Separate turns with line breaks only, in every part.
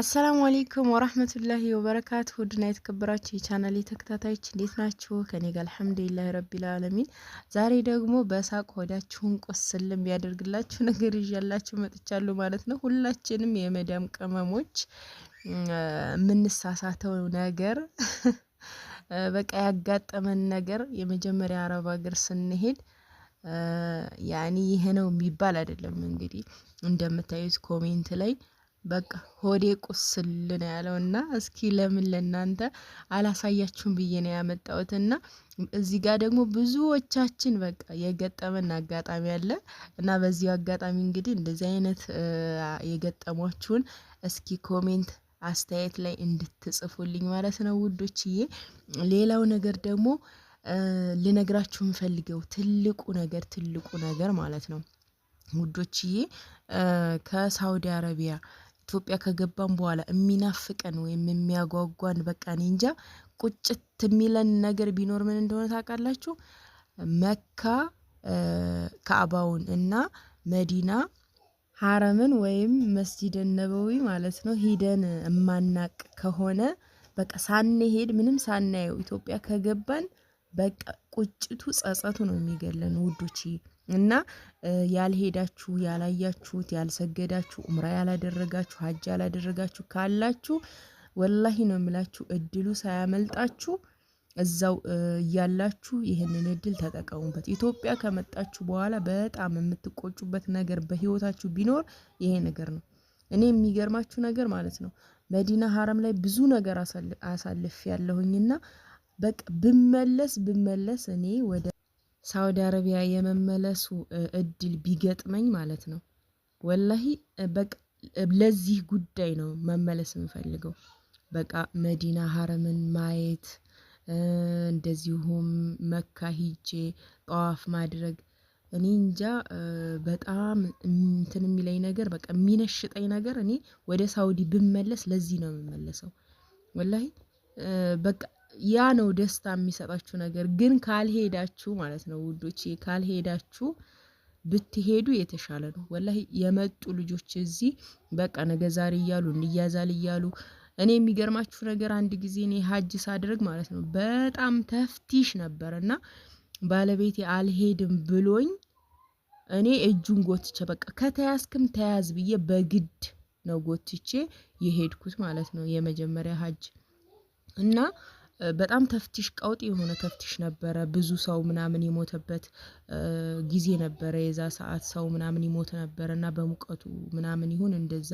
አሰላሙ አሌይኩም ወራህመቱላሂ ወበረካቱ ውድና የተከበራችሁ የቻናል ተከታታዮች እንዴት ናችሁ? ከኔ ጋር አልሐምዱሊላህ ረቢል አለሚን። ዛሬ ደግሞ በሳቅ ሆዳችሁን ቆስል የሚያደርግላችሁ ነገር ይዣላችሁ መጥቻለሁ ማለት ነው። ሁላችንም የመዳም ቅመሞች የምንሳሳተው ነገር በቃ ያጋጠመን ነገር የመጀመሪያ አረብ ሀገር ስንሄድ ያኔ ይሄ ነው የሚባል አይደለም። እንግዲህ እንደምታዩት ኮሜንት ላይ በቃ ሆዴ ቁስል ነው ያለው እና እስኪ ለምን ለእናንተ አላሳያችሁም ብዬ ነው ያመጣሁት። እና እዚህ ጋር ደግሞ ብዙዎቻችን በቃ የገጠመን አጋጣሚ አለ እና በዚሁ አጋጣሚ እንግዲህ እንደዚህ አይነት የገጠሟችሁን እስኪ ኮሜንት አስተያየት ላይ እንድትጽፉልኝ ማለት ነው ውዶችዬ። ሌላው ነገር ደግሞ ልነግራችሁ የምፈልገው ትልቁ ነገር ትልቁ ነገር ማለት ነው ውዶችዬ ከሳውዲ አረቢያ ኢትዮጵያ ከገባን በኋላ የሚናፍቀን ወይም የሚያጓጓን በቃ እኔ እንጃ ቁጭት የሚለን ነገር ቢኖር ምን እንደሆነ ታውቃላችሁ? መካ ካዕባውን እና መዲና ሀረምን ወይም መስጂደን ነበዊ ማለት ነው ሂደን እማናቅ ከሆነ በቃ ሳንሄድ ምንም ሳናየው ኢትዮጵያ ከገባን በቃ ቁጭቱ ጸጸቱ ነው የሚገለን ውዶቼ። እና ያልሄዳችሁ ያላያችሁት ያልሰገዳችሁ ኡምራ ያላደረጋችሁ ሀጅ ያላደረጋችሁ ካላችሁ ወላሂ ነው የምላችሁ እድሉ ሳያመልጣችሁ እዛው እያላችሁ ይህንን እድል ተጠቀሙበት። ኢትዮጵያ ከመጣችሁ በኋላ በጣም የምትቆጩበት ነገር በህይወታችሁ ቢኖር ይሄ ነገር ነው። እኔ የሚገርማችሁ ነገር ማለት ነው መዲና ሀረም ላይ ብዙ ነገር አሳልፍ ያለሁኝና በቃ ብመለስ ብመለስ እኔ ወደ ሳውዲ አረቢያ የመመለሱ እድል ቢገጥመኝ ማለት ነው ወላሂ በቃ ለዚህ ጉዳይ ነው መመለስ የምፈልገው። በቃ መዲና ሀረምን ማየት እንደዚሁም መካ ሂጄ ጠዋፍ ማድረግ እኔ እንጃ በጣም እንትን የሚለኝ ነገር በቃ የሚነሽጠኝ ነገር እኔ ወደ ሳውዲ ብመለስ ለዚህ ነው የምመለሰው ወላሂ በቃ ያ ነው ደስታ የሚሰጣችሁ ነገር። ግን ካልሄዳችሁ ማለት ነው ውዶች፣ ካልሄዳችሁ ብትሄዱ የተሻለ ነው። ወላ የመጡ ልጆች እዚህ በቃ ነገ ዛሬ እያሉ እንያዛል እያሉ እኔ የሚገርማችሁ ነገር አንድ ጊዜ እኔ ሀጅ ሳድረግ ማለት ነው በጣም ተፍቲሽ ነበር እና ባለቤቴ አልሄድም ብሎኝ እኔ እጁን ጎትቼ በቃ ከተያዝክም ተያዝ ብዬ በግድ ነው ጎትቼ የሄድኩት ማለት ነው የመጀመሪያ ሀጅ እና በጣም ተፍቲሽ ቀውጥ የሆነ ተፍቲሽ ነበረ። ብዙ ሰው ምናምን የሞተበት ጊዜ ነበረ። የዛ ሰዓት ሰው ምናምን ይሞት ነበረ እና በሙቀቱ ምናምን ይሁን እንደዛ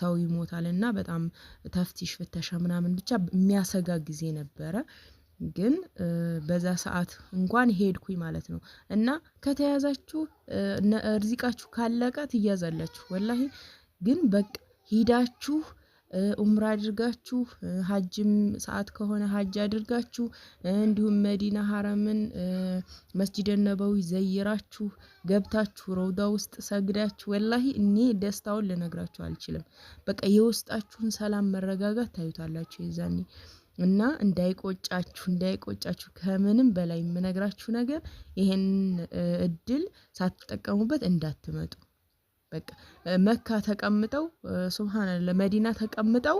ሰው ይሞታል እና በጣም ተፍቲሽ ፍተሻ ምናምን ብቻ የሚያሰጋ ጊዜ ነበረ። ግን በዛ ሰዓት እንኳን ሄድኩኝ ማለት ነው። እና ከተያዛችሁ እርዚቃችሁ ካለቀ ትያዛላችሁ። ወላሂ ግን በቃ ሂዳችሁ ኡምራ አድርጋችሁ ሀጅም ሰዓት ከሆነ ሀጅ አድርጋችሁ እንዲሁም መዲና ሀረምን መስጂደ ነበዊ ዘይራችሁ ገብታችሁ ረውዳ ውስጥ ሰግዳችሁ፣ ወላሂ እኔ ደስታውን ልነግራችሁ አልችልም። በቃ የውስጣችሁን ሰላም መረጋጋት ታዩታላችሁ የዛኔ እና እንዳይቆጫችሁ እንዳይቆጫችሁ ከምንም በላይ የምነግራችሁ ነገር ይሄን እድል ሳትጠቀሙበት እንዳትመጡ። በቃ መካ ተቀምጠው ሱብሃነላ መዲና ተቀምጠው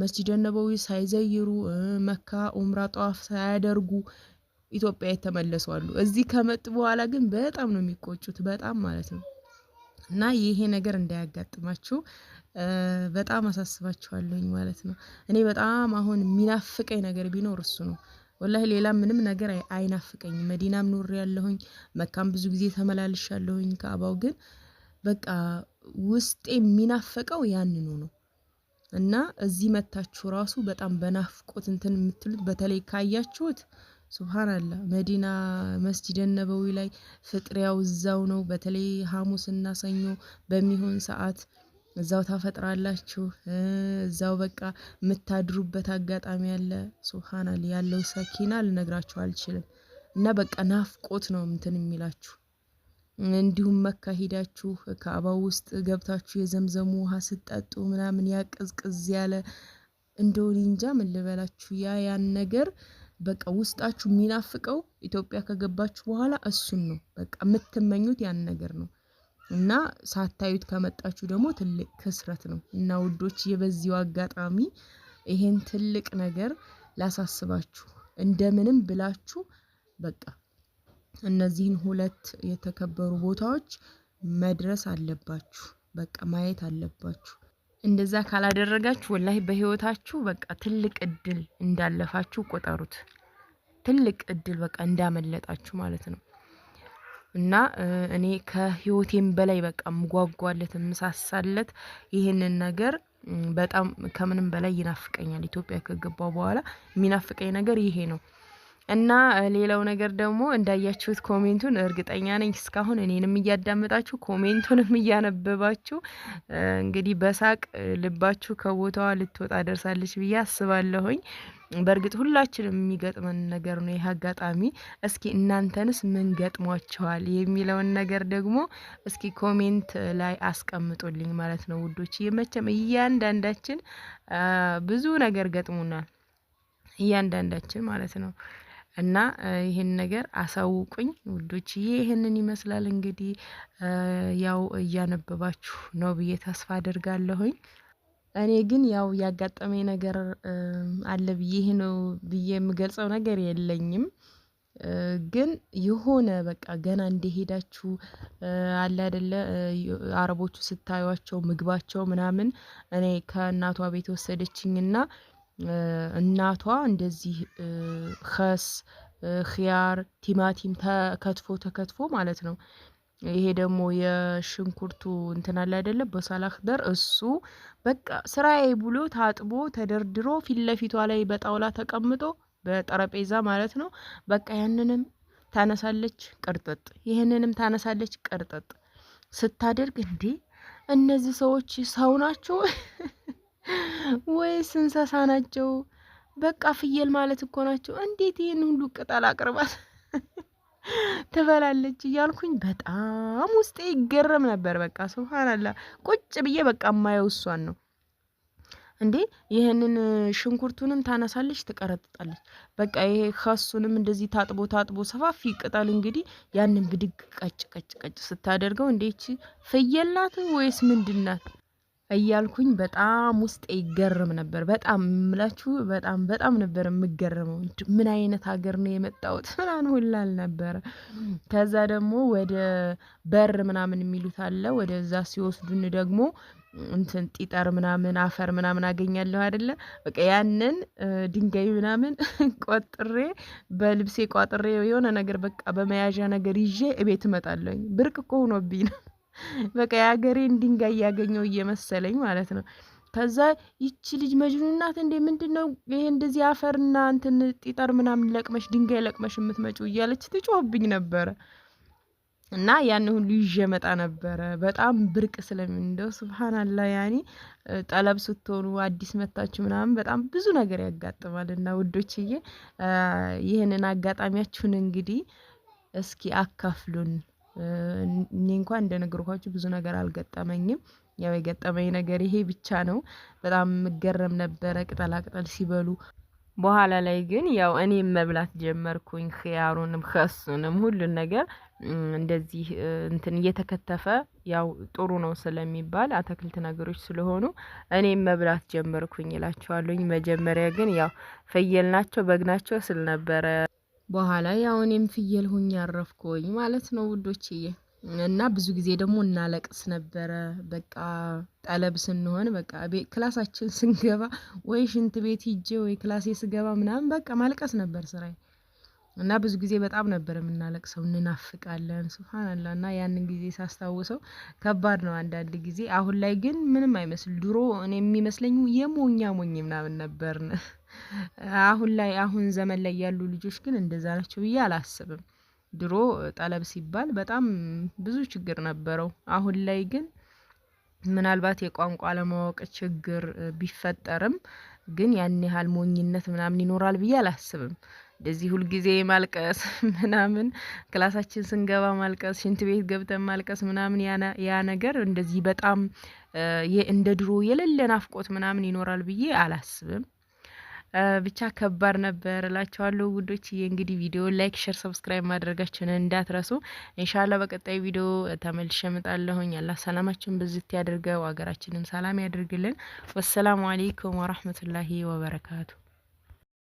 መስጂደ ነበዊ ሳይዘይሩ መካ ኡምራ ጠዋፍ ሳያደርጉ ኢትዮጵያ የተመለሱ አሉ። እዚህ ከመጡ በኋላ ግን በጣም ነው የሚቆጩት፣ በጣም ማለት ነው። እና ይሄ ነገር እንዳያጋጥማችሁ በጣም አሳስባችኋለሁኝ ማለት ነው። እኔ በጣም አሁን የሚናፍቀኝ ነገር ቢኖር እሱ ነው። ወላሂ ሌላ ምንም ነገር አይናፍቀኝም። መዲናም ኖሬ ያለሁኝ፣ መካም ብዙ ጊዜ ተመላልሻለሁኝ። ከአባው ግን በቃ ውስጤ የሚናፈቀው ያንኑ ነው። እና እዚህ መታችሁ ራሱ በጣም በናፍቆት እንትን የምትሉት በተለይ ካያችሁት ሱብሃንአላህ መዲና መስጂድ ነበዊ ላይ ፍጥሪያው እዛው ነው። በተለይ ሀሙስና ሰኞ በሚሆን ሰዓት እዛው ታፈጥራላችሁ። እዛው በቃ የምታድሩበት አጋጣሚ ያለ ሱብሃንአላህ ያለው ሰኪና ልነግራችሁ አልችልም። እና በቃ ናፍቆት ነው እንትን የሚላችሁ እንዲሁም መካ ሄዳችሁ ከአባ ውስጥ ገብታችሁ የዘምዘሙ ውሃ ስጠጡ ምናምን ያቀዝቅዝ ያለ እንደሆን እንጃ ምን ልበላችሁ፣ ያ ያን ነገር በቃ ውስጣችሁ የሚናፍቀው ኢትዮጵያ ከገባችሁ በኋላ እሱን ነው በቃ የምትመኙት ያን ነገር ነው። እና ሳታዩት ከመጣችሁ ደግሞ ትልቅ ክስረት ነው። እና ውዶች የበዚው አጋጣሚ ይሄን ትልቅ ነገር ላሳስባችሁ እንደምንም ብላችሁ በቃ እነዚህን ሁለት የተከበሩ ቦታዎች መድረስ አለባችሁ። በቃ ማየት አለባችሁ። እንደዛ ካላደረጋችሁ ወላሂ በህይወታችሁ በቃ ትልቅ እድል እንዳለፋችሁ ቆጠሩት። ትልቅ እድል በቃ እንዳመለጣችሁ ማለት ነው። እና እኔ ከህይወቴም በላይ በቃ ምጓጓለት ምሳሳለት ይህንን ነገር በጣም ከምንም በላይ ይናፍቀኛል። ኢትዮጵያ ከገባው በኋላ የሚናፍቀኝ ነገር ይሄ ነው። እና ሌላው ነገር ደግሞ እንዳያችሁት ኮሜንቱን እርግጠኛ ነኝ እስካሁን እኔንም እያዳመጣችሁ ኮሜንቱንም እያነበባችሁ እንግዲህ በሳቅ ልባችሁ ከቦታዋ ልትወጣ ደርሳለች ብዬ አስባለሁኝ። በእርግጥ ሁላችንም የሚገጥመን ነገር ነው ይህ አጋጣሚ። እስኪ እናንተንስ ምን ገጥሟቸዋል የሚለውን ነገር ደግሞ እስኪ ኮሜንት ላይ አስቀምጡልኝ ማለት ነው ውዶች። መቼም እያንዳንዳችን ብዙ ነገር ገጥሙናል፣ እያንዳንዳችን ማለት ነው። እና ይሄን ነገር አሳውቁኝ ውዶችዬ። ይህንን ይመስላል እንግዲህ ያው እያነበባችሁ ነው ብዬ ተስፋ አድርጋለሁኝ እኔ ግን ያው ያጋጠመኝ ነገር አለ ብዬ ነው ብዬ የምገልጸው ነገር የለኝም። ግን የሆነ በቃ ገና እንደሄዳችሁ አለ አይደለ አረቦቹ ስታዩቸው ምግባቸው ምናምን እኔ ከእናቷ ቤት ወሰደችኝና እናቷ እንደዚህ ከስ ኪያር ቲማቲም ተከትፎ ተከትፎ ማለት ነው። ይሄ ደግሞ የሽንኩርቱ እንትን አለ አይደለ? በሳላህ ደር እሱ በቃ ስራዬ ብሎ ታጥቦ ተደርድሮ ፊት ለፊቷ ላይ በጣውላ ተቀምጦ በጠረጴዛ ማለት ነው። በቃ ያንንም ታነሳለች ቅርጥጥ፣ ይህንንም ታነሳለች ቅርጥጥ ስታደርግ እንዲህ እነዚህ ሰዎች ሰው ናቸው? ወይስ እንስሳ ናቸው? በቃ ፍየል ማለት እኮ ናቸው። እንዴት ይህን ሁሉ ቅጠል አቅርባት ትበላለች እያልኩኝ በጣም ውስጤ ይገረም ነበር። በቃ ስብሃናላ ቁጭ ብዬ በቃ የማየው እሷን ነው። እንዴ ይህንን ሽንኩርቱንም ታነሳለች፣ ትቀረጥጣለች። በቃ ይሄ ከሱንም እንደዚህ ታጥቦ ታጥቦ ሰፋፊ ቅጠል እንግዲህ ያንን ብድግ ቀጭ ቀጭ ቀጭ ስታደርገው እንዴች ፍየል ናት ወይስ ምንድን ናት? እያልኩኝ በጣም ውስጤ ይገርም ነበር። በጣም ምላችሁ በጣም በጣም ነበር የምገረመው። ምን አይነት ሀገር ነው የመጣሁት ምናምን ሁላል አልነበረ። ከዛ ደግሞ ወደ በር ምናምን የሚሉት አለ። ወደዛ ሲወስዱን ደግሞ እንትን ጢጠር ምናምን አፈር ምናምን አገኛለሁ አይደለ? በቃ ያንን ድንጋይ ምናምን ቆጥሬ በልብሴ ቋጥሬ የሆነ ነገር በቃ በመያዣ ነገር ይዤ እቤት እመጣለሁኝ። ብርቅ እኮ ሆኖብኝ ነው። በቃ የሀገሬን ድንጋይ እያገኘው እየመሰለኝ ማለት ነው። ከዛ ይቺ ልጅ መጅኑናት ናት ምንድን ምንድነው ይሄ እንደዚህ አፈርና እንትን ጢጠር ምናምን ለቅመሽ ድንጋይ ለቅመሽ የምትመጪው እያለች ትጮህብኝ ነበረ። እና ያን ሁሉ ይዤ መጣ ነበረ። በጣም ብርቅ ስለምን ስብሓናላ ያኔ ጠለብ ስትሆኑ አዲስ መታችሁ ምናምን በጣም ብዙ ነገር ያጋጥማል። እና ውዶችዬ ይህንን አጋጣሚያችሁን እንግዲህ እስኪ አካፍሉን። እኔ እንኳን እንደነገርኳችሁ ብዙ ነገር አልገጠመኝም። ያው የገጠመኝ ነገር ይሄ ብቻ ነው። በጣም የምገረም ነበረ ቅጠላ ቅጠል ሲበሉ። በኋላ ላይ ግን ያው እኔም መብላት ጀመርኩኝ። ክያሩንም ከሱንም ሁሉን ነገር እንደዚህ እንትን እየተከተፈ ያው ጥሩ ነው ስለሚባል አትክልት ነገሮች ስለሆኑ እኔም መብላት ጀመርኩኝ እላችኋለሁኝ። መጀመሪያ ግን ያው ፍየል ናቸው በግ ናቸው ስል ነበረ በኋላ ያው እኔም ፍየል ሁኝ ያረፍኩኝ ማለት ነው ውዶችዬ። እና ብዙ ጊዜ ደግሞ እናለቅስ ነበረ። በቃ ጠለብ ስንሆን በቃ ክላሳችን ስንገባ ወይ ሽንት ቤት ሂጄ ወይ ክላሴ ስገባ ምናምን በቃ ማልቀስ ነበር ስራዬ። እና ብዙ ጊዜ በጣም ነበር የምናለቅሰው፣ እንናፍቃለን። ስብሓንላ እና ያንን ጊዜ ሳስታውሰው ከባድ ነው አንዳንድ ጊዜ። አሁን ላይ ግን ምንም አይመስል። ድሮ እኔ የሚመስለኝ የሞኛ ሞኝ ምናምን ነበርን። አሁን ላይ አሁን ዘመን ላይ ያሉ ልጆች ግን እንደዛ ናቸው ብዬ አላስብም። ድሮ ጠለብ ሲባል በጣም ብዙ ችግር ነበረው። አሁን ላይ ግን ምናልባት የቋንቋ ለማወቅ ችግር ቢፈጠርም ግን ያን ያህል ሞኝነት ምናምን ይኖራል ብዬ አላስብም። እንደዚህ ሁልጊዜ ማልቀስ ምናምን ክላሳችን ስንገባ ማልቀስ ሽንት ቤት ገብተን ማልቀስ ምናምን ያ ነገር እንደዚህ በጣም እንደ ድሮ የሌለ ናፍቆት ምናምን ይኖራል ብዬ አላስብም ብቻ ከባድ ነበር እላቸዋለሁ። ውዶች። እንግዲህ ቪዲዮ ላይክ፣ ሸር፣ ሰብስክራይብ ማድረጋችሁን እንዳትረሱ። ኢንሻላ በቀጣይ ቪዲዮ ተመልሼ እመጣለሁኝ። አላህ ሰላማችን ብዝት ያድርገው፣ ሀገራችንም ሰላም ያድርግልን። ወሰላሙ አሌይኩም ወራህመቱላሂ ወበረካቱ